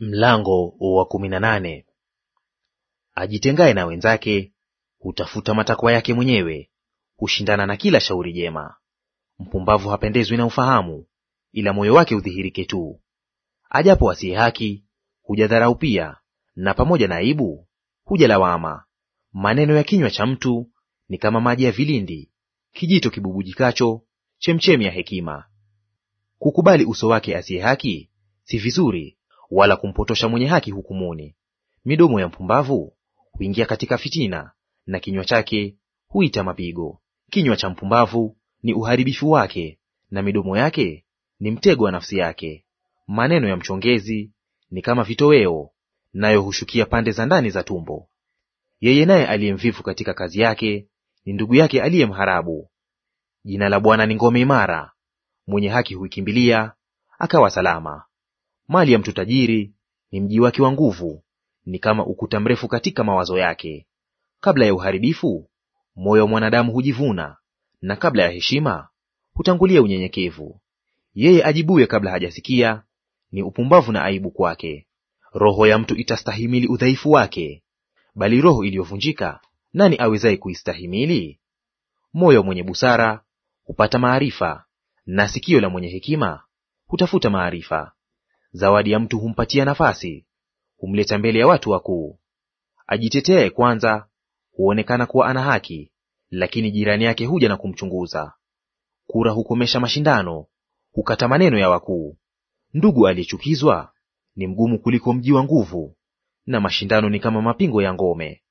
Mlango wa kumi na nane. Ajitengaye na wenzake hutafuta matakwa yake mwenyewe, hushindana na kila shauri jema. Mpumbavu hapendezwi na ufahamu, ila moyo wake udhihirike tu. Ajapo asiye haki hujadharau pia, na pamoja na aibu hujalawama Maneno ya kinywa cha mtu ni kama maji ya vilindi, kijito kibubujikacho, chemchemi ya hekima. Kukubali uso wake asiye haki si vizuri wala kumpotosha mwenye haki hukumuni. Midomo ya mpumbavu huingia katika fitina, na kinywa chake huita mapigo. Kinywa cha mpumbavu ni uharibifu wake, na midomo yake ni mtego wa nafsi yake. Maneno ya mchongezi ni kama vitoweo, nayo hushukia pande za ndani za tumbo. Yeye naye aliye mvivu katika kazi yake ni ndugu yake aliye mharabu. Jina la Bwana ni ngome imara, mwenye haki huikimbilia akawa salama. Mali ya mtu tajiri ni mji wake wa nguvu, ni kama ukuta mrefu katika mawazo yake. Kabla ya uharibifu moyo wa mwanadamu hujivuna, na kabla ya heshima hutangulia unyenyekevu. Yeye ajibuye kabla hajasikia ni upumbavu na aibu kwake. Roho ya mtu itastahimili udhaifu wake, bali roho iliyovunjika nani awezaye kuistahimili? Moyo mwenye busara hupata maarifa, na sikio la mwenye hekima hutafuta maarifa. Zawadi ya mtu humpatia nafasi, humleta mbele ya watu wakuu. Ajiteteaye kwanza huonekana kuwa ana haki, lakini jirani yake huja na kumchunguza. Kura hukomesha mashindano, hukata maneno ya wakuu. Ndugu aliyechukizwa ni mgumu kuliko mji wa nguvu, na mashindano ni kama mapingo ya ngome.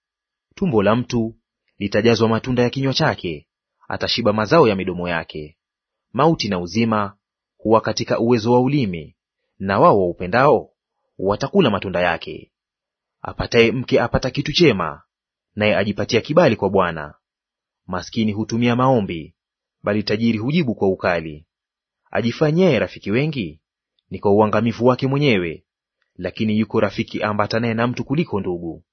Tumbo la mtu litajazwa matunda ya kinywa chake, atashiba mazao ya midomo yake. Mauti na uzima huwa katika uwezo wa ulimi, na wao waupendao watakula matunda yake. Apataye mke apata kitu chema, naye ajipatia kibali kwa Bwana. Maskini hutumia maombi, bali tajiri hujibu kwa ukali. Ajifanyaye rafiki wengi ni kwa uangamivu wake mwenyewe, lakini yuko rafiki ambatanaye na mtu kuliko ndugu.